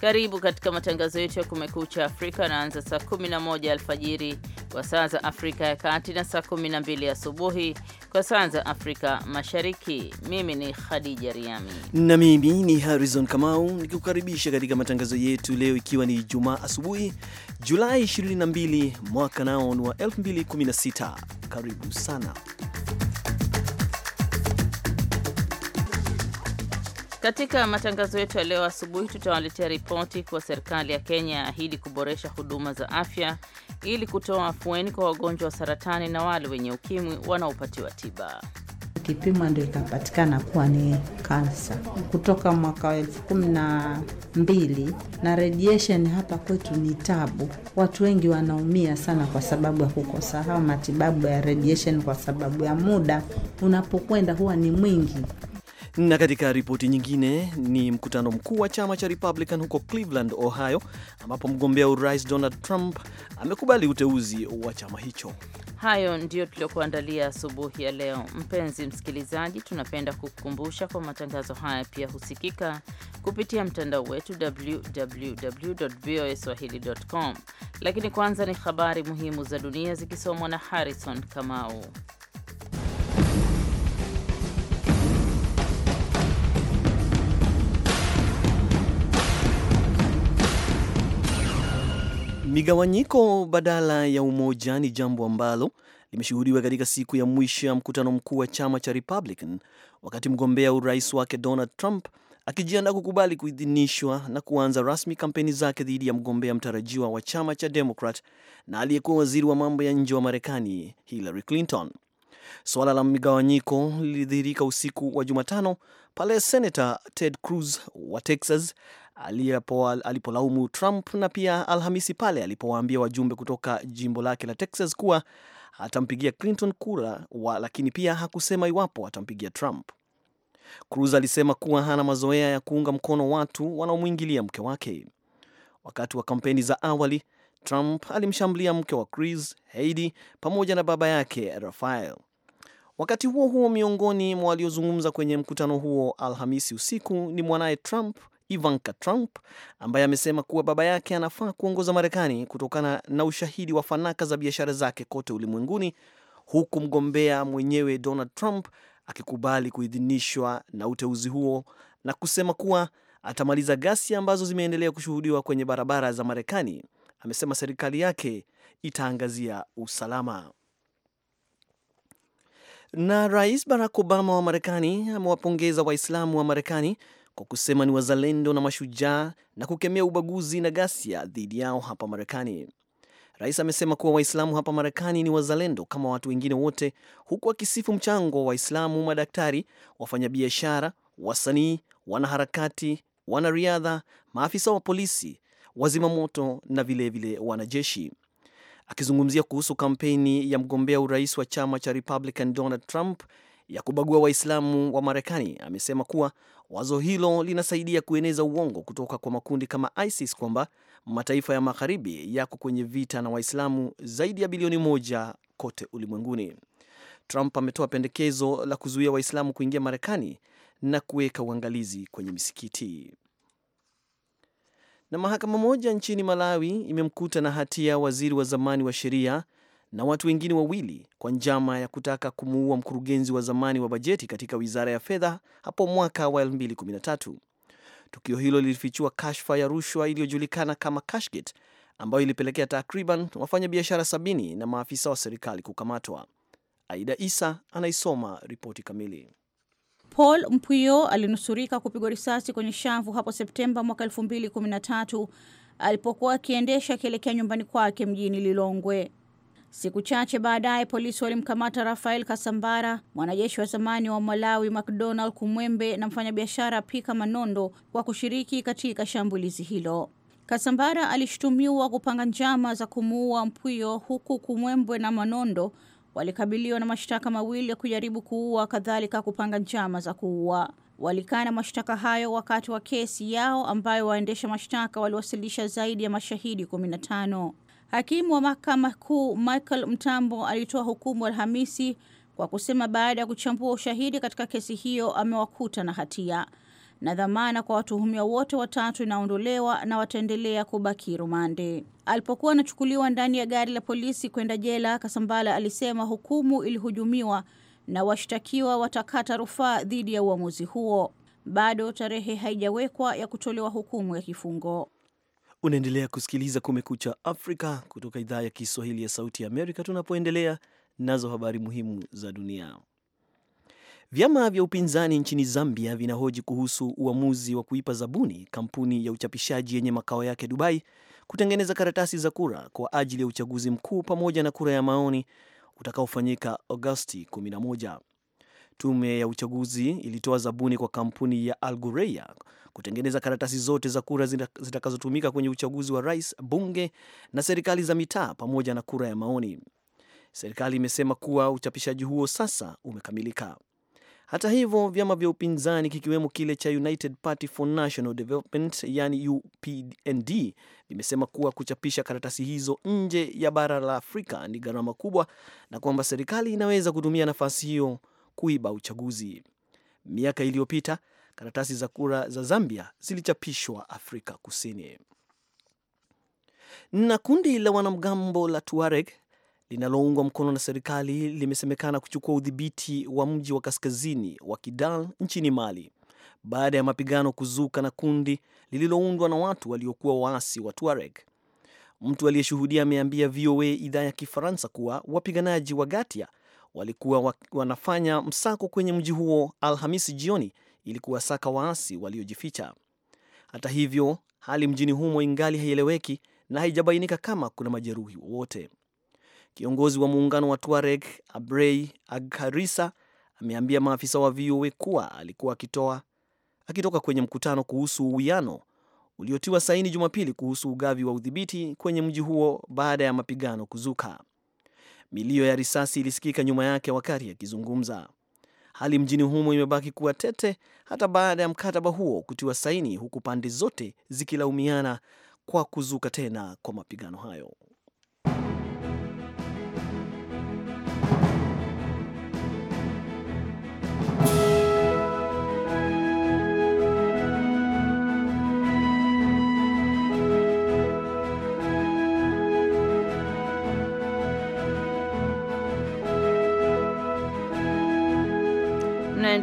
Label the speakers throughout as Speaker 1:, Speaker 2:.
Speaker 1: Karibu katika matangazo yetu ya Kumekucha Afrika anaanza saa 11 alfajiri kwa saa za Afrika ya Kati na saa 12 asubuhi kwa saa za Afrika Mashariki. Mimi ni Khadija Riami
Speaker 2: na mimi ni Harrison Kamau nikikukaribisha katika matangazo yetu leo, ikiwa ni Jumaa asubuhi Julai 22 mwaka nao ni wa 2016. Karibu sana
Speaker 1: Katika matangazo yetu ya leo asubuhi tutawaletea ripoti kuwa serikali ya Kenya yaahidi kuboresha huduma za afya ili kutoa afueni kwa wagonjwa wa saratani na wale wenye ukimwi
Speaker 3: wanaopatiwa tiba. Kipimo ndio ikapatikana kuwa ni kansa kutoka mwaka wa elfu kumi na mbili na radiation hapa kwetu ni tabu. Watu wengi wanaumia sana kwa sababu ya kukosa hao matibabu ya radiation, kwa sababu ya muda unapokwenda huwa ni mwingi.
Speaker 2: Na katika ripoti nyingine ni mkutano mkuu wa chama cha Republican huko Cleveland, Ohio, ambapo mgombea urais Donald Trump amekubali uteuzi wa chama hicho.
Speaker 1: Hayo ndiyo tuliokuandalia asubuhi ya leo. Mpenzi msikilizaji, tunapenda kukukumbusha kwa matangazo haya pia husikika kupitia mtandao wetu www www.voaswahili.com. Lakini kwanza ni habari muhimu za dunia zikisomwa na Harrison Kamau.
Speaker 2: Migawanyiko badala ya umoja ni jambo ambalo limeshuhudiwa katika siku ya mwisho ya mkutano mkuu wa chama cha Republican wakati mgombea urais wake Donald Trump akijiandaa kukubali kuidhinishwa na kuanza rasmi kampeni zake dhidi ya mgombea mtarajiwa wa chama cha Democrat na aliyekuwa waziri wa mambo ya nje wa Marekani Hillary Clinton. Suala la migawanyiko lilidhihirika usiku wa Jumatano pale Senator Ted Cruz wa Texas alipolaumu Trump na pia Alhamisi pale alipowaambia wajumbe kutoka jimbo lake la Texas kuwa atampigia Clinton kura wa, lakini pia hakusema iwapo atampigia Trump. Cruz alisema kuwa hana mazoea ya kuunga mkono watu wanaomwingilia mke wake. Wakati wa kampeni za awali, Trump alimshambulia mke wa Cruz, Heidi, pamoja na baba yake Rafael. Wakati huo huo, miongoni mwa waliozungumza kwenye mkutano huo Alhamisi usiku ni mwanaye Trump Ivanka Trump ambaye amesema kuwa baba yake anafaa kuongoza Marekani kutokana na ushahidi wa fanaka za biashara zake kote ulimwenguni, huku mgombea mwenyewe Donald Trump akikubali kuidhinishwa na uteuzi huo na kusema kuwa atamaliza ghasia ambazo zimeendelea kushuhudiwa kwenye barabara za Marekani. Amesema serikali yake itaangazia usalama. Na Rais Barack Obama wa Marekani amewapongeza Waislamu wa Marekani kwa kusema ni wazalendo na mashujaa na kukemea ubaguzi na ghasia dhidi yao hapa Marekani. Rais amesema kuwa Waislamu hapa Marekani ni wazalendo kama watu wengine wote, huku akisifu mchango wa Waislamu, madaktari, wafanyabiashara, wasanii, wanaharakati, wanariadha, maafisa wa polisi, wazima moto na vilevile vile wanajeshi. Akizungumzia kuhusu kampeni ya mgombea urais wa chama cha Republican Donald Trump ya kubagua Waislamu wa Marekani amesema kuwa wazo hilo linasaidia kueneza uongo kutoka kwa makundi kama ISIS kwamba mataifa ya magharibi yako kwenye vita na Waislamu zaidi ya bilioni moja kote ulimwenguni. Trump ametoa pendekezo la kuzuia Waislamu kuingia Marekani na kuweka uangalizi kwenye misikiti. Na mahakama moja nchini Malawi imemkuta na hatia waziri wa zamani wa sheria na watu wengine wawili kwa njama ya kutaka kumuua mkurugenzi wa zamani wa bajeti katika wizara ya fedha hapo mwaka wa 2013. Tukio hilo lilifichua kashfa ya rushwa iliyojulikana kama Cashgate ambayo ilipelekea takriban wafanyabiashara sabini na maafisa wa serikali kukamatwa. Aida Isa anaisoma ripoti kamili.
Speaker 4: Paul Mpuyo alinusurika kupigwa risasi kwenye shavu hapo Septemba mwaka 2013 alipokuwa akiendesha akielekea nyumbani kwake mjini Lilongwe. Siku chache baadaye polisi walimkamata Rafael Kasambara, mwanajeshi wa zamani wa Malawi McDonald Kumwembe na mfanyabiashara Pika Manondo kwa kushiriki katika shambulizi hilo. Kasambara alishutumiwa kupanga njama za kumuua Mpuyo, huku Kumwembe na Manondo walikabiliwa na mashtaka mawili ya kujaribu kuua, kadhalika kupanga njama za kuua. Walikana mashtaka hayo wakati wa kesi yao ambayo waendesha mashtaka waliwasilisha zaidi ya mashahidi 15. Hakimu wa mahakama kuu Michael Mtambo alitoa hukumu Alhamisi kwa kusema baada ya kuchambua ushahidi katika kesi hiyo amewakuta na hatia na dhamana kwa watuhumiwa wote watatu inaondolewa na wataendelea kubaki rumande. Alipokuwa anachukuliwa ndani ya gari la polisi kwenda jela, Kasambala alisema hukumu ilihujumiwa na washtakiwa watakata rufaa dhidi ya uamuzi huo. Bado tarehe haijawekwa ya kutolewa hukumu ya kifungo.
Speaker 2: Unaendelea kusikiliza Kumekucha Afrika kutoka idhaa ya Kiswahili ya Sauti ya Amerika, tunapoendelea nazo habari muhimu za dunia. Vyama vya upinzani nchini Zambia vinahoji kuhusu uamuzi wa kuipa zabuni kampuni ya uchapishaji yenye makao yake Dubai kutengeneza karatasi za kura kwa ajili ya uchaguzi mkuu pamoja na kura ya maoni utakaofanyika Agosti Tume ya uchaguzi ilitoa zabuni kwa kampuni ya Algureya kutengeneza karatasi zote za kura zitakazotumika kwenye uchaguzi wa rais, bunge na serikali za mitaa pamoja na kura ya maoni. Serikali imesema kuwa uchapishaji huo sasa umekamilika. Hata hivyo, vyama vya upinzani kikiwemo kile cha United Party for National Development, yani UPND, vimesema kuwa kuchapisha karatasi hizo nje ya bara la Afrika ni gharama kubwa na kwamba serikali inaweza kutumia nafasi hiyo kuiba uchaguzi. Miaka iliyopita karatasi za kura za Zambia zilichapishwa Afrika Kusini. Na kundi la wanamgambo la Tuareg linaloungwa mkono na serikali limesemekana kuchukua udhibiti wa mji wa kaskazini wa Kidal nchini Mali baada ya mapigano kuzuka na kundi lililoundwa na watu waliokuwa waasi wa Tuareg. Mtu aliyeshuhudia ameambia VOA idhaa ya Kifaransa kuwa wapiganaji wa Gatia walikuwa wanafanya msako kwenye mji huo Alhamisi jioni ili kuwasaka waasi waliojificha. Hata hivyo, hali mjini humo ingali haieleweki na haijabainika kama kuna majeruhi wowote. Kiongozi wa muungano wa Tuareg Abrey Agharisa ameambia maafisa wa VOA kuwa alikuwa akitoa akitoka kwenye mkutano kuhusu uwiano uliotiwa saini Jumapili kuhusu ugavi wa udhibiti kwenye mji huo baada ya mapigano kuzuka. Milio ya risasi ilisikika nyuma yake wakati akizungumza. ya hali mjini humo imebaki kuwa tete hata baada ya mkataba huo kutiwa saini, huku pande zote zikilaumiana kwa kuzuka tena kwa mapigano hayo.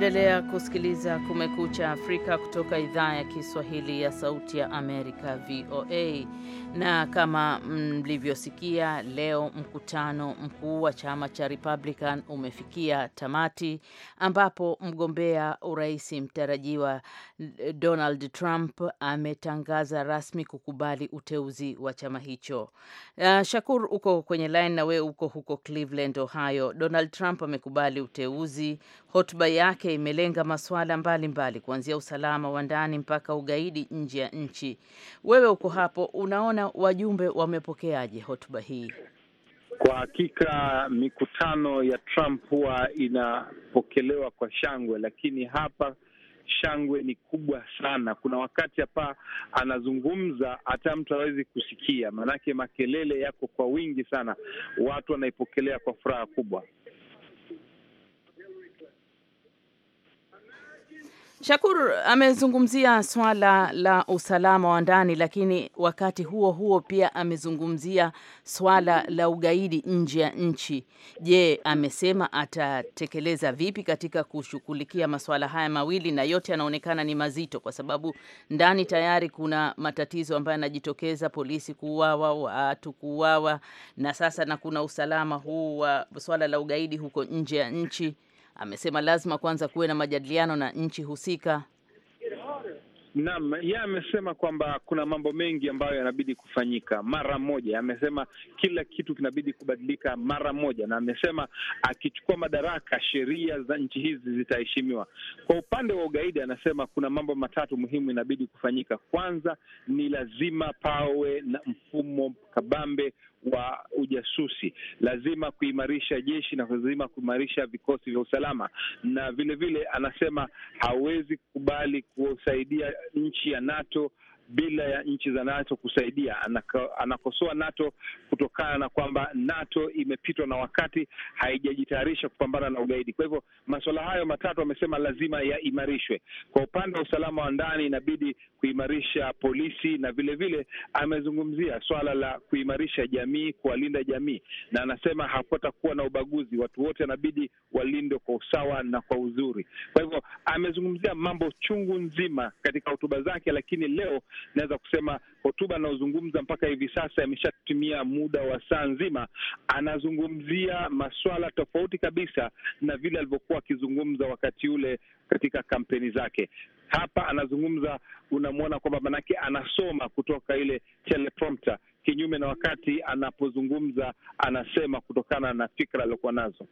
Speaker 1: Unaendelea kusikiliza Kumekucha Afrika kutoka idhaa ya Kiswahili ya Sauti ya Amerika, VOA. Na kama mlivyosikia, leo mkutano mkuu wa chama cha Republican umefikia tamati, ambapo mgombea urais mtarajiwa Donald Trump ametangaza rasmi kukubali uteuzi wa chama hicho. Uh, Shakur, uko kwenye line na wewe uko huko Cleveland, Ohio. Donald Trump amekubali uteuzi. Hotuba yake imelenga masuala mbalimbali kuanzia usalama wa ndani mpaka ugaidi nje ya nchi. Wewe uko hapo, unaona wajumbe wamepokeaje hotuba hii?
Speaker 5: Kwa hakika mikutano ya Trump huwa inapokelewa kwa shangwe, lakini hapa shangwe ni kubwa sana. Kuna wakati hapa anazungumza hata mtu hawezi kusikia, maanake makelele yako kwa wingi sana. Watu wanaipokelea kwa furaha kubwa.
Speaker 1: Shakur amezungumzia swala la usalama wa ndani, lakini wakati huo huo pia amezungumzia swala la ugaidi nje ya nchi. Je, amesema atatekeleza vipi katika kushughulikia masuala haya mawili? Na yote yanaonekana ni mazito, kwa sababu ndani tayari kuna matatizo ambayo yanajitokeza, polisi kuuawa, watu kuuawa, na sasa na kuna usalama huu wa swala la ugaidi huko nje ya nchi. Amesema lazima kwanza kuwe na majadiliano na nchi husika.
Speaker 5: Naam, yeye amesema kwamba kuna mambo mengi ambayo yanabidi kufanyika mara moja. Amesema kila kitu kinabidi kubadilika mara moja, na amesema akichukua madaraka sheria za nchi hizi zitaheshimiwa. Kwa upande wa ugaidi, anasema kuna mambo matatu muhimu inabidi kufanyika. Kwanza ni lazima pawe na mfumo kabambe wa ujasusi, lazima kuimarisha jeshi na lazima kuimarisha vikosi vya usalama, na vilevile vile, anasema hawezi kukubali kusaidia nchi ya NATO bila ya nchi za NATO kusaidia. Anakosoa NATO kutokana na kwamba NATO imepitwa na wakati, haijajitayarisha kupambana na ugaidi. Kwa hivyo masuala hayo matatu amesema lazima yaimarishwe. Kwa upande wa usalama wa ndani, inabidi kuimarisha polisi, na vilevile vile, amezungumzia swala la kuimarisha jamii, kuwalinda jamii, na anasema hapatakuwa na ubaguzi, watu wote anabidi walindwe kwa usawa na kwa uzuri. Kwa hivyo amezungumzia mambo chungu nzima katika hotuba zake, lakini leo naweza kusema hotuba anayozungumza mpaka hivi sasa ameshatumia muda wa saa nzima, anazungumzia maswala tofauti kabisa na vile alivyokuwa akizungumza wakati ule katika kampeni zake. Hapa anazungumza, unamwona kwamba manake anasoma kutoka ile teleprompter, kinyume na wakati anapozungumza anasema kutokana na fikra aliyokuwa nazo.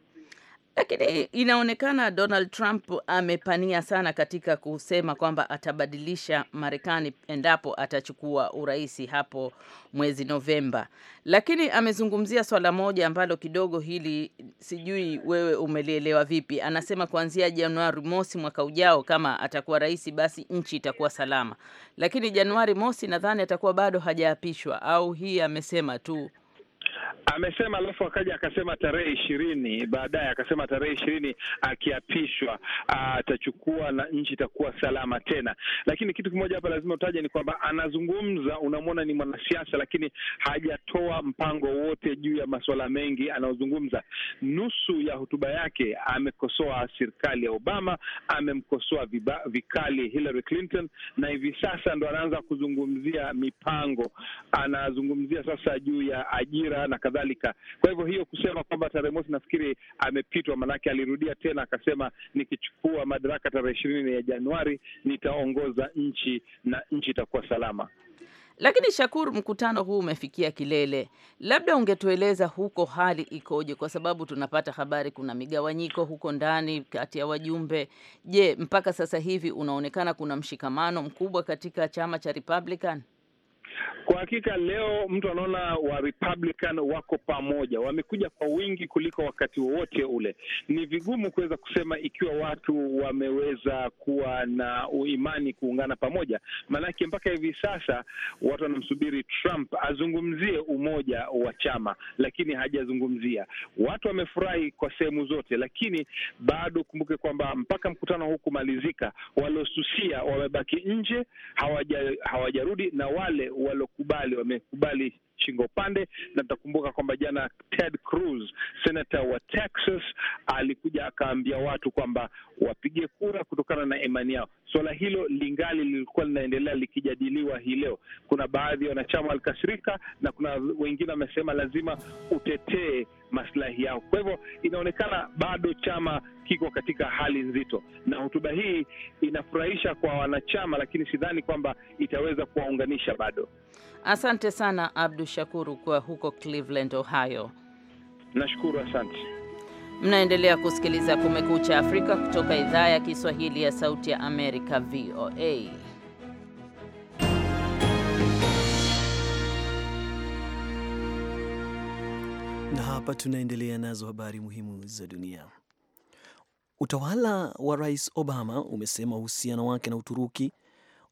Speaker 3: Lakini
Speaker 1: inaonekana Donald Trump amepania sana katika kusema kwamba atabadilisha Marekani endapo atachukua uraisi hapo mwezi Novemba. Lakini amezungumzia swala moja ambalo kidogo hili sijui wewe umelielewa vipi. Anasema kuanzia Januari mosi mwaka ujao, kama atakuwa rais, basi nchi itakuwa salama. Lakini Januari mosi nadhani atakuwa bado hajaapishwa, au hii amesema tu
Speaker 5: amesema, alafu akaja akasema tarehe ishirini baadaye akasema tarehe ishirini akiapishwa ah, atachukua na nchi itakuwa salama tena. Lakini kitu kimoja hapa lazima utaje ni kwamba anazungumza, unamwona ni mwanasiasa, lakini hajatoa mpango wote juu ya masuala mengi anayozungumza. Nusu ya hotuba yake amekosoa serikali ya Obama, amemkosoa vikali Hillary Clinton, na hivi sasa ndo anaanza kuzungumzia mipango, anazungumzia sasa juu ya ajira na kadhalika. Kwa hivyo hiyo kusema kwamba tarehe mosi, nafikiri amepitwa, maanake alirudia tena akasema, nikichukua madaraka tarehe ishirini ya Januari nitaongoza nchi na nchi itakuwa salama.
Speaker 1: Lakini Shakur, mkutano huu umefikia kilele, labda ungetueleza huko hali ikoje? Kwa sababu tunapata habari kuna migawanyiko huko ndani kati ya wajumbe. Je, mpaka sasa hivi unaonekana kuna mshikamano mkubwa katika chama cha Republican?
Speaker 5: Kwa hakika leo mtu anaona wa Republican wako pamoja, wamekuja kwa wingi kuliko wakati wowote ule. Ni vigumu kuweza kusema ikiwa watu wameweza kuwa na imani kuungana pamoja, maanake mpaka hivi sasa watu wanamsubiri Trump azungumzie umoja wa chama, lakini hajazungumzia. Watu wamefurahi kwa sehemu zote, lakini bado kumbuke kwamba mpaka mkutano huu kumalizika, waliosusia wamebaki nje, hawajarudi hawaja na wale walokubali wamekubali shingo upande na tutakumbuka kwamba jana Ted Cruz, senata wa Texas, alikuja akaambia watu kwamba wapige kura kutokana na imani yao. Suala hilo lingali lilikuwa linaendelea likijadiliwa hii leo. Kuna baadhi ya wanachama walikasirika na kuna wengine wamesema lazima utetee maslahi yao. Kwa hivyo inaonekana bado chama kiko katika hali nzito, na hotuba hii inafurahisha kwa wanachama, lakini sidhani kwamba itaweza kuwaunganisha bado.
Speaker 1: Asante sana Abdu Shakuru kwa huko Cleveland, Ohio.
Speaker 5: Nashukuru, asante.
Speaker 1: Mnaendelea kusikiliza Kumekucha Afrika kutoka idhaa ya Kiswahili ya Sauti ya Amerika, VOA.
Speaker 5: Na hapa
Speaker 2: tunaendelea nazo habari muhimu za dunia. Utawala wa Rais Obama umesema uhusiano wake na Uturuki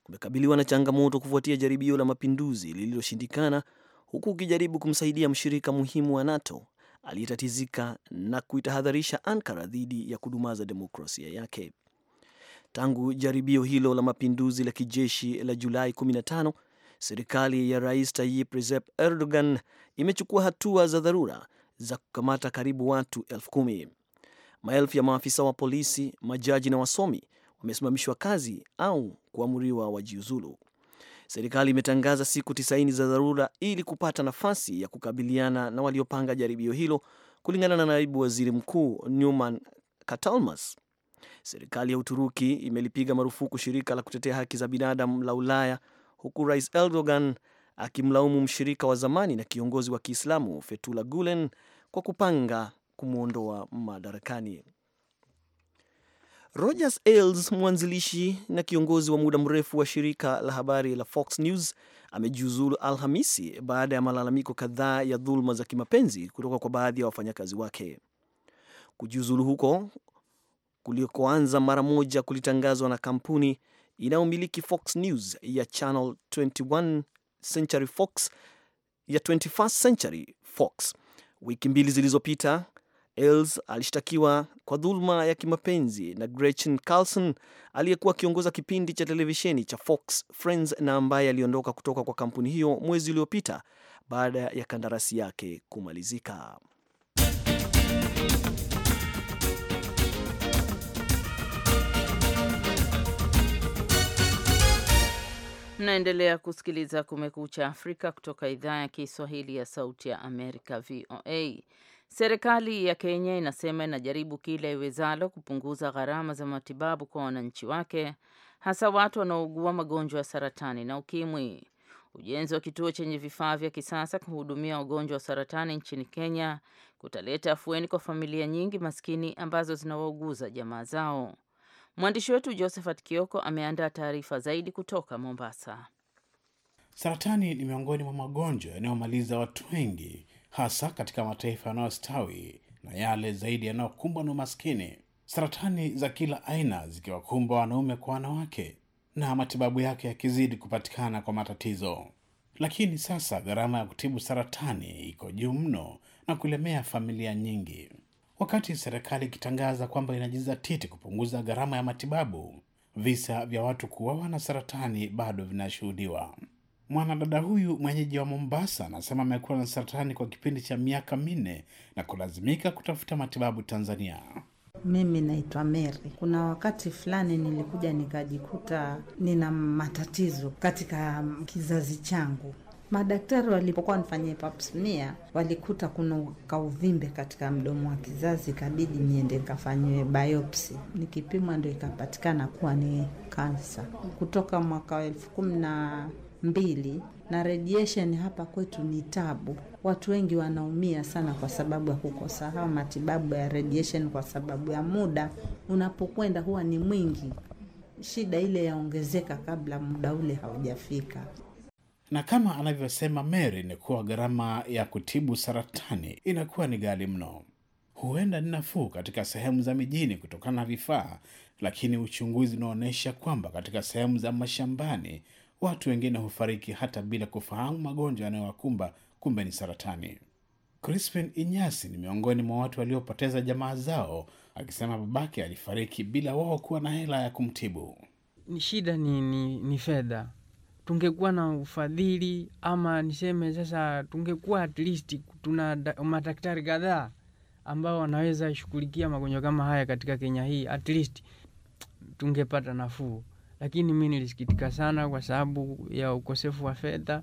Speaker 2: umekabiliwa na changamoto kufuatia jaribio la mapinduzi lililoshindikana, huku ukijaribu kumsaidia mshirika muhimu wa NATO aliyetatizika na kuitahadharisha Ankara dhidi ya kudumaza demokrasia yake. Tangu jaribio hilo la mapinduzi la kijeshi la Julai serikali ya Rais Tayyip Recep Erdogan imechukua hatua za dharura za kukamata karibu watu elfu kumi. Maelfu ya maafisa wa polisi, majaji na wasomi wamesimamishwa kazi au kuamuriwa wajiuzulu. Serikali imetangaza siku tisaini za dharura ili kupata nafasi ya kukabiliana na waliopanga jaribio hilo, kulingana na naibu waziri mkuu newman Katalmas. Serikali ya Uturuki imelipiga marufuku shirika la kutetea haki za binadamu la Ulaya huku rais Erdogan akimlaumu mshirika wa zamani na kiongozi wa Kiislamu Fethullah Gulen kwa kupanga kumwondoa madarakani. Rogers Ailes, mwanzilishi na kiongozi wa muda mrefu wa shirika la habari la Fox News, amejiuzulu Alhamisi baada ya malalamiko kadhaa ya dhuluma za kimapenzi kutoka kwa baadhi ya wafanyakazi wake. Kujiuzulu huko kulikoanza mara moja kulitangazwa na kampuni inayomiliki Fox News ya Channel 21 Century Fox ya 21st Century Fox. Wiki mbili zilizopita, Els alishtakiwa kwa dhuluma ya kimapenzi na Gretchen Carlson aliyekuwa akiongoza kipindi cha televisheni cha Fox Friends na ambaye aliondoka kutoka kwa kampuni hiyo mwezi uliopita baada ya kandarasi yake kumalizika.
Speaker 1: Mnaendelea kusikiliza Kumekucha Afrika kutoka idhaa ya Kiswahili ya Sauti ya Amerika, VOA. Serikali ya Kenya inasema inajaribu kila iwezalo kupunguza gharama za matibabu kwa wananchi wake, hasa watu wanaougua magonjwa ya saratani na ukimwi. Ujenzi wa kituo chenye vifaa vya kisasa kuhudumia wagonjwa wa saratani nchini Kenya kutaleta afueni kwa familia nyingi maskini ambazo zinawauguza jamaa zao. Mwandishi wetu Josephat Kioko ameandaa taarifa zaidi kutoka Mombasa.
Speaker 6: Saratani ni miongoni mwa magonjwa yanayomaliza watu wengi, hasa katika mataifa yanayostawi na yale zaidi yanayokumbwa na umaskini, saratani za kila aina zikiwakumbwa wanaume kwa wanawake na matibabu yake yakizidi kupatikana kwa matatizo. Lakini sasa gharama ya kutibu saratani iko juu mno na kulemea familia nyingi wakati serikali ikitangaza kwamba inajizatiti kupunguza gharama ya matibabu, visa vya watu kuwawa na saratani bado vinashuhudiwa. Mwanadada huyu mwenyeji wa Mombasa anasema amekuwa na saratani kwa kipindi cha miaka minne na kulazimika kutafuta matibabu Tanzania.
Speaker 3: Mimi naitwa Mary. Kuna wakati fulani nilikuja nikajikuta nina matatizo katika kizazi changu, Madaktari walipokuwa nifanyie papsmia walikuta kuna kauvimbe katika mdomo wa kizazi, kabidi niende nikafanyiwe biopsi. Nikipimwa ndo ikapatikana kuwa ni kansa. Kutoka mwaka wa elfu kumi na mbili na radiation hapa kwetu ni tabu. Watu wengi wanaumia sana kwa sababu ya kukosa hawa matibabu ya radiation, kwa sababu ya muda unapokwenda huwa ni mwingi, shida ile yaongezeka kabla muda ule haujafika
Speaker 6: na kama anavyosema Mary ni kuwa gharama ya kutibu saratani inakuwa ni ghali mno. Huenda ni nafuu katika sehemu za mijini kutokana na vifaa, lakini uchunguzi unaonyesha kwamba katika sehemu za mashambani watu wengine hufariki hata bila kufahamu magonjwa yanayowakumba, kumbe ni saratani. Crispin Inyasi ni miongoni mwa watu waliopoteza jamaa zao, akisema babake alifariki bila wao kuwa na hela ya kumtibu.
Speaker 7: Shida ni, ni, ni fedha tungekuwa na ufadhili ama niseme sasa, tungekuwa at least tuna madaktari kadhaa ambao wanaweza shughulikia magonjwa kama haya katika Kenya hii, at least tungepata nafuu. Lakini mi nilisikitika sana kwa sababu ya ukosefu wa fedha.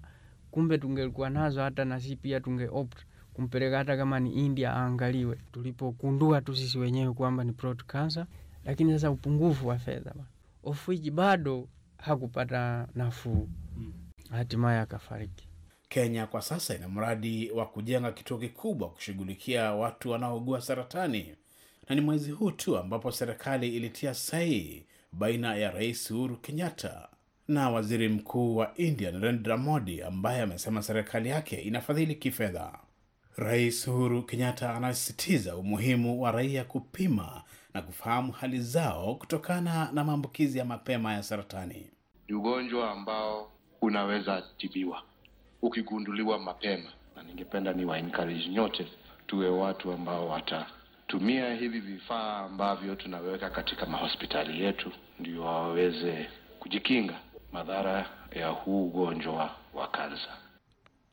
Speaker 7: Kumbe tungelikuwa nazo, hata na nasi pia tunge opt kumpeleka hata kama ni India aangaliwe, tulipogundua tu sisi wenyewe kwamba ni throat cancer. Lakini sasa upungufu wa fedha of which bado hakupata nafuu, mm. hatimaye akafariki.
Speaker 6: Kenya kwa sasa ina mradi wa kujenga kituo kikubwa kushughulikia watu wanaougua saratani, na ni mwezi huu tu ambapo serikali ilitia sahihi baina ya Rais Uhuru Kenyatta na Waziri Mkuu wa India Narendra Modi, ambaye amesema serikali yake inafadhili kifedha. Rais Uhuru Kenyatta anasisitiza umuhimu wa raia kupima na kufahamu hali zao kutokana na maambukizi ya mapema ya saratani. Ni ugonjwa ambao unaweza tibiwa ukigunduliwa mapema, na ningependa ni waencourage nyote tuwe watu ambao watatumia hivi vifaa ambavyo tunaweka katika mahospitali yetu, ndio waweze kujikinga madhara ya huu ugonjwa wa kansa.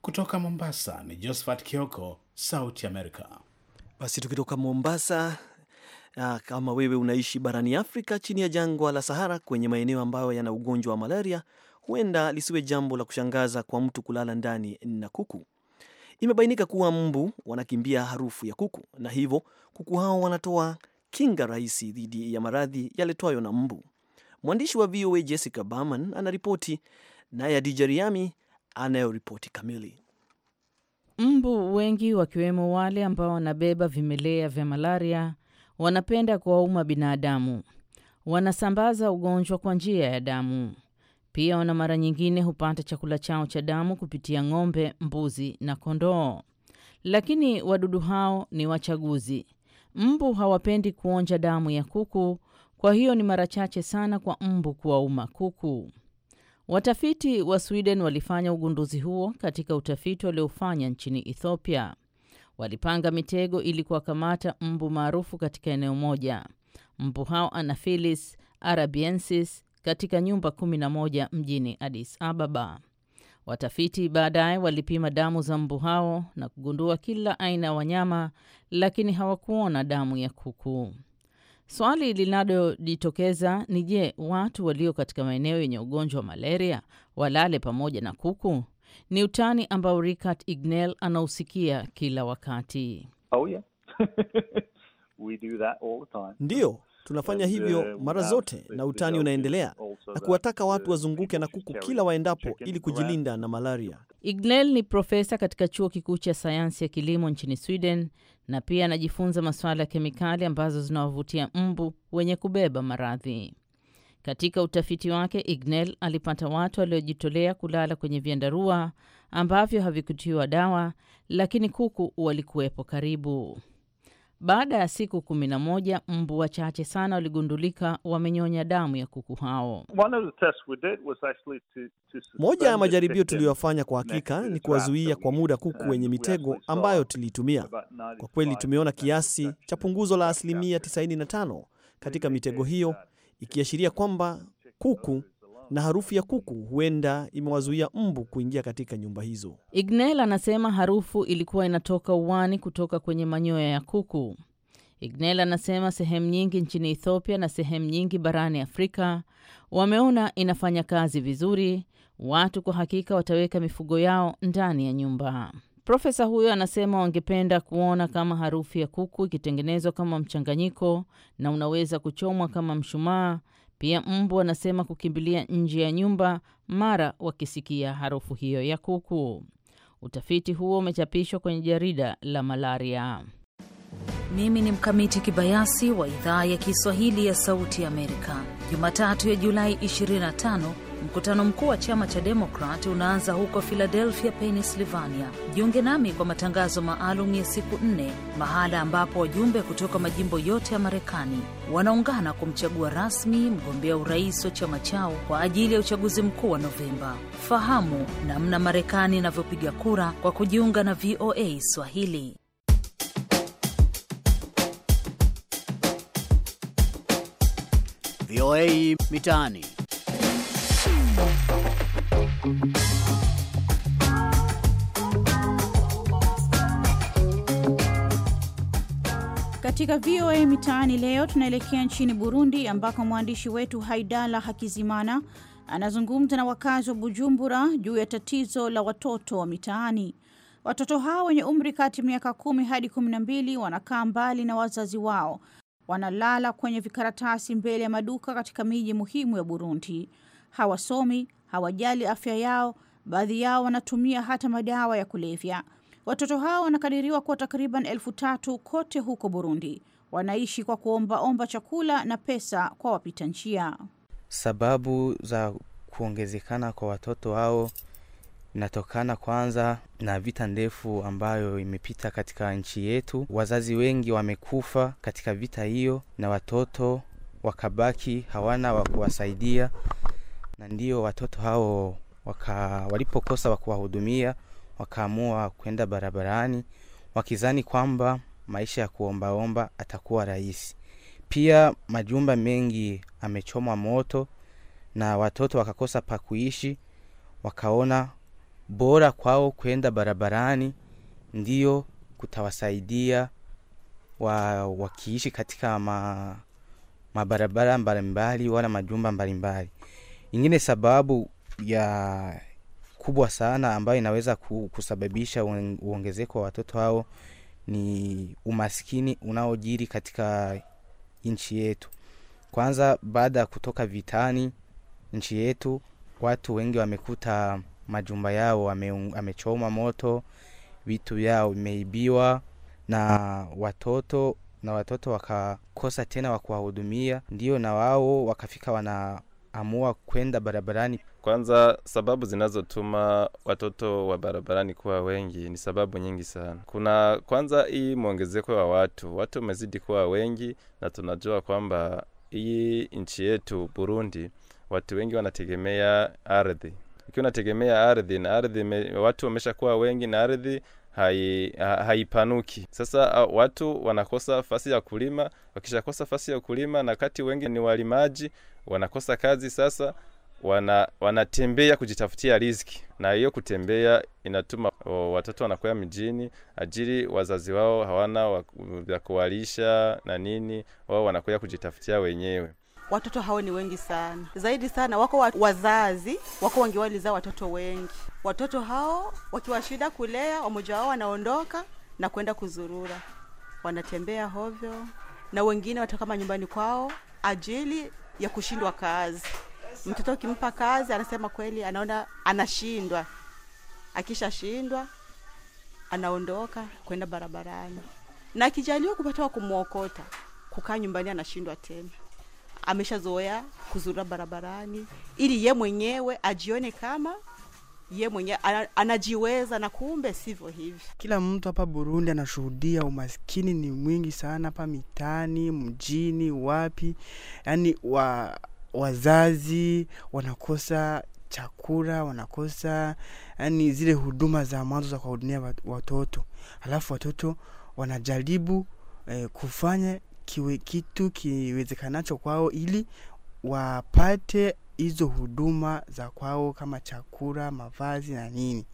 Speaker 6: Kutoka Mombasa ni Josephat
Speaker 2: Kioko, Sauti America. Basi tukitoka Mombasa Ah, kama wewe unaishi barani Afrika chini ya jangwa la Sahara kwenye maeneo ambayo yana ugonjwa wa malaria, huenda lisiwe jambo la kushangaza kwa mtu kulala ndani na kuku. Imebainika kuwa mbu wanakimbia harufu ya kuku, na hivyo kuku hao wanatoa kinga rahisi dhidi ya maradhi yaletwayo na mbu. Mwandishi wa VOA Jessica Berman anaripoti, naye adijariami anayoripoti kamili. Mbu
Speaker 1: wengi wakiwemo wale ambao wanabeba vimelea vya malaria wanapenda kuwauma binadamu, wanasambaza ugonjwa kwa njia ya damu. Pia wana mara nyingine hupata chakula chao cha damu kupitia ng'ombe, mbuzi na kondoo. Lakini wadudu hao ni wachaguzi. Mbu hawapendi kuonja damu ya kuku, kwa hiyo ni mara chache sana kwa mbu kuwauma kuku. Watafiti wa Sweden walifanya ugunduzi huo katika utafiti waliofanya nchini Ethiopia walipanga mitego ili kuwakamata mbu maarufu katika eneo moja. Mbu hao Anopheles arabiensis katika nyumba 11 mjini Addis Ababa. Watafiti baadaye walipima damu za mbu hao na kugundua kila aina ya wanyama, lakini hawakuona damu ya kuku. Swali linalojitokeza ni je, watu walio katika maeneo yenye ugonjwa wa malaria walale pamoja na kuku? Ni utani ambao Richard Ignell anausikia kila wakati.
Speaker 5: Oh, yeah. We do that all the time. Ndiyo, tunafanya hivyo uh, mara zote, na utani unaendelea na kuwataka watu
Speaker 2: wazunguke na kuku kila waendapo ili kujilinda na malaria.
Speaker 1: Ignell ni profesa katika chuo kikuu cha sayansi ya kilimo nchini Sweden na pia anajifunza masuala ya kemikali ambazo zinawavutia mbu wenye kubeba maradhi. Katika utafiti wake, ignel alipata watu waliojitolea kulala kwenye vyandarua ambavyo havikutiwa dawa, lakini kuku walikuwepo karibu. Baada ya siku kumi na moja, mbu wachache sana waligundulika wamenyonya damu ya kuku hao.
Speaker 5: Moja ya majaribio tuliyofanya
Speaker 2: kwa hakika ni kuwazuia kwa muda kuku wenye mitego ambayo tuliitumia. Kwa kweli tumeona kiasi cha punguzo la asilimia 95 katika mitego hiyo ikiashiria kwamba kuku na harufu ya kuku huenda imewazuia mbu kuingia katika nyumba hizo.
Speaker 1: Ignel anasema harufu ilikuwa inatoka uwani kutoka kwenye manyoya ya kuku. Ignel anasema sehemu nyingi nchini Ethiopia na sehemu nyingi barani Afrika wameona inafanya kazi vizuri. Watu kwa hakika wataweka mifugo yao ndani ya nyumba. Profesa huyo anasema wangependa kuona kama harufu ya kuku ikitengenezwa kama mchanganyiko na unaweza kuchomwa kama mshumaa. Pia mbu anasema kukimbilia nje ya nyumba mara wakisikia harufu hiyo ya kuku. Utafiti huo umechapishwa kwenye jarida la Malaria. Mimi ni Mkamiti Kibayasi wa idhaa ya Kiswahili ya Sauti ya Amerika. Jumatatu ya Julai 25 Mkutano mkuu wa chama cha Demokrat unaanza huko Philadelphia, Pennsylvania. Jiunge nami kwa matangazo maalum ya siku nne, mahala ambapo wajumbe kutoka majimbo yote ya Marekani wanaungana kumchagua rasmi mgombea urais wa chama chao kwa ajili ya uchaguzi mkuu wa Novemba. Fahamu namna Marekani inavyopiga kura kwa kujiunga na VOA Swahili. VOA Mitaani.
Speaker 4: Katika VOA Mitaani leo tunaelekea nchini Burundi, ambako mwandishi wetu Haidala Hakizimana anazungumza na wakazi wa Bujumbura juu ya tatizo la watoto wa mitaani. Watoto hao wenye umri kati ya miaka kumi hadi kumi na mbili wanakaa mbali na wazazi wao, wanalala kwenye vikaratasi mbele ya maduka katika miji muhimu ya Burundi, hawasomi, hawajali afya yao. Baadhi yao wanatumia hata madawa ya kulevya. Watoto hao wanakadiriwa kuwa takriban elfu tatu kote huko Burundi. Wanaishi kwa kuombaomba chakula na pesa kwa wapita njia.
Speaker 8: Sababu za kuongezekana kwa watoto hao inatokana kwanza na vita ndefu ambayo imepita katika nchi yetu. Wazazi wengi wamekufa katika vita hiyo, na watoto wakabaki hawana wa kuwasaidia na ndio watoto hao waka, walipokosa wa kuwahudumia wakaamua kwenda barabarani wakizani kwamba maisha ya kuombaomba atakuwa rahisi. Pia majumba mengi amechomwa moto na watoto wakakosa pa kuishi, wakaona bora kwao kwenda barabarani, ndio kutawasaidia wa, wakiishi katika ma, mabarabara mbalimbali wala majumba mbalimbali. Ingine sababu ya kubwa sana ambayo inaweza kusababisha uongezeko wa watoto hao ni umaskini unaojiri katika nchi yetu. Kwanza, baada ya kutoka vitani nchi yetu, watu wengi wamekuta majumba yao amechoma moto, vitu vyao vimeibiwa na watoto na watoto wakakosa tena wa kuwahudumia, ndio na wao wakafika wana ameamua kwenda barabarani.
Speaker 5: Kwanza, sababu zinazotuma watoto wa barabarani kuwa wengi ni sababu nyingi sana. Kuna kwanza hii mwongezeko wa watu, watu wamezidi kuwa wengi, na tunajua kwamba hii nchi yetu Burundi watu wengi wanategemea ardhi. Ikiwa unategemea ardhi na ardhi, watu wameshakuwa wengi na ardhi haipanuki hai sasa uh, watu wanakosa fasi ya kulima wakishakosa fasi ya kulima na kati wengi ni walimaji wanakosa kazi sasa wana wanatembea kujitafutia riziki na hiyo kutembea inatuma watoto wanakwea mjini ajili wazazi wao hawana vya kuwalisha na nini wao wanakwea kujitafutia wenyewe
Speaker 3: watoto hao ni wengi sana zaidi sana wako wazazi wako wangiwalizaa watoto wengi watoto hao wakiwa shida kulea, wamoja wao wanaondoka na kwenda kuzurura, wanatembea hovyo, na wengine watakama nyumbani kwao ajili ya kushindwa kazi. Mtoto ukimpa kazi, anasema kweli, anaona anashindwa. Akishashindwa anaondoka kwenda barabarani, na akijaliwa kupata kumwokota, kukaa nyumbani anashindwa tena ameshazoea kuzurura barabarani, ili ye mwenyewe ajione kama ye mwenyewe anajiweza na kumbe sivyo hivi.
Speaker 7: Kila mtu hapa Burundi anashuhudia umaskini ni mwingi sana hapa mitani mjini, wapi, yaani wa, wazazi wanakosa chakula wanakosa, yani zile huduma za mwanzo za kuwahudumia watoto, alafu watoto wanajaribu eh, kufanya kiwe kitu kiwezekanacho kwao ili wapate hizo huduma za kwao kama chakula, mavazi na nini.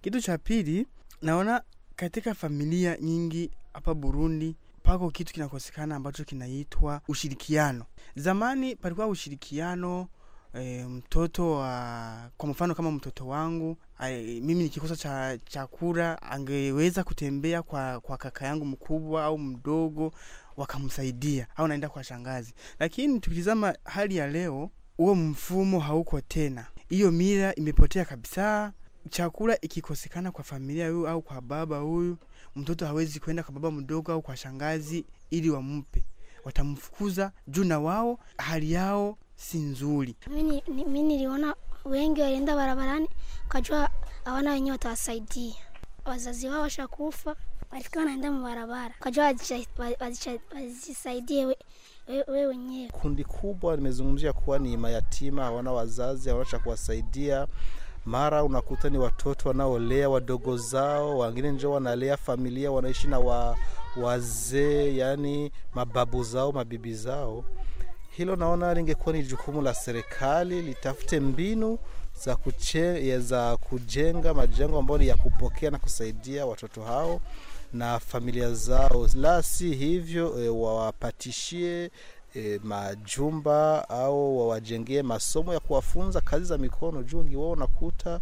Speaker 7: Kitu cha pili, naona katika familia nyingi hapa Burundi pako kitu kinakosekana ambacho kinaitwa ushirikiano. Zamani palikuwa ushirikiano E, mtoto wa kwa mfano kama mtoto wangu ai, mimi nikikosa cha chakula angeweza kutembea kwa, kwa kaka yangu mkubwa au mdogo wakamsaidia, au naenda kwa shangazi. Lakini tukitizama hali ya leo huo mfumo hauko tena, hiyo mila imepotea kabisa. Chakula ikikosekana kwa familia huyu au kwa baba huyu, mtoto hawezi kwenda kwa baba mdogo au kwa shangazi ili wampe, watamfukuza juu na wao hali yao si nzuri.
Speaker 8: Mimi niliona wengi walienda barabarani, kajua hawana wenyewe watawasaidia, wazazi wao washakufa, walifika wanaenda mubarabara, kajua wazisaidie wewe wenyewe.
Speaker 6: Kundi kubwa nimezungumzia kuwa ni mayatima, hawana wazazi, hawana cha kuwasaidia mara unakuta ni watoto wanaolea wadogo zao, wengine njo wanalea familia, wanaishi na wa, wazee, yani mababu zao mabibi zao. Hilo naona lingekuwa ni jukumu la serikali litafute mbinu za, kuche, za kujenga majengo ambayo ni ya kupokea na kusaidia watoto hao na familia zao, la si hivyo e, wawapatishie e, majumba au wawajengee masomo ya kuwafunza kazi za mikono, juu wengi wao nakuta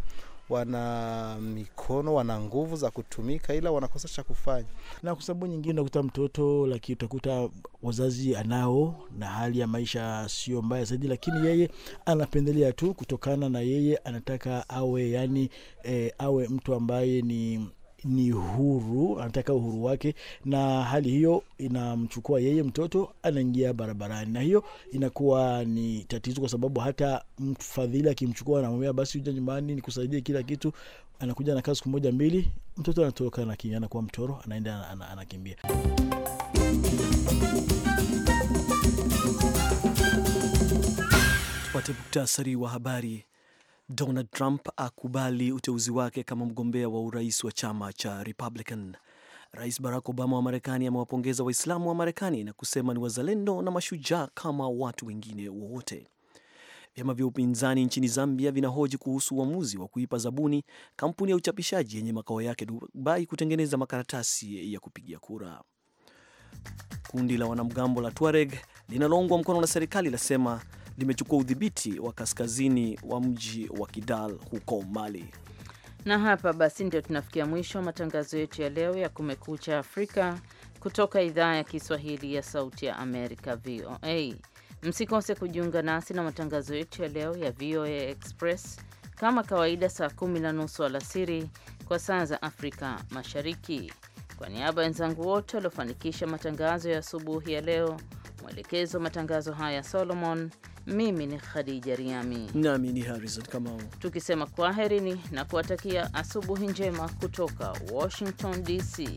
Speaker 6: wana mikono wana nguvu za kutumika, ila wanakosa cha kufanya. Na kwa sababu nyingine unakuta mtoto lakini utakuta wazazi anao na hali ya maisha sio mbaya zaidi, lakini yeye anapendelea tu kutokana na yeye anataka awe yani, e, awe mtu ambaye ni ni huru, anataka uhuru wake, na hali hiyo inamchukua yeye mtoto, anaingia barabarani, na hiyo inakuwa ni tatizo, kwa sababu hata mfadhili akimchukua anamwambia basi uja nyumbani nikusaidie kila kitu, anakuja na kazi siku moja mbili, mtoto anatoka anakimbia, anakuwa mtoro, anaenda anakimbia.
Speaker 2: Tupate muktasari wa habari. Donald Trump akubali uteuzi wake kama mgombea wa urais wa chama cha Republican. Rais Barack Obama wa Marekani amewapongeza Waislamu wa Marekani na kusema ni wazalendo na mashujaa kama watu wengine wowote. Vyama vya upinzani nchini Zambia vinahoji kuhusu uamuzi wa kuipa zabuni kampuni ya uchapishaji yenye makao yake Dubai kutengeneza makaratasi ya kupigia kura. Kundi la wanamgambo la Tuareg linaloungwa mkono na serikali lasema limechukua udhibiti wa kaskazini wa mji wa Kidal huko Mali.
Speaker 1: Na hapa basi ndio tunafikia mwisho wa matangazo yetu ya leo ya Kumekucha Afrika kutoka idhaa ya Kiswahili ya Sauti ya Amerika, VOA. Msikose kujiunga nasi na matangazo yetu ya leo ya VOA Express kama kawaida, saa kumi na nusu alasiri kwa saa za Afrika Mashariki. Kwa niaba ya wenzangu wote waliofanikisha matangazo ya asubuhi ya leo, mwelekezo wa matangazo haya Solomon mimi ni Khadija Riami
Speaker 2: nami ni Harrison Kamau,
Speaker 1: tukisema kwaherini na kuwatakia asubuhi njema kutoka Washington DC.